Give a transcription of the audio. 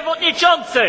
przewodniczący!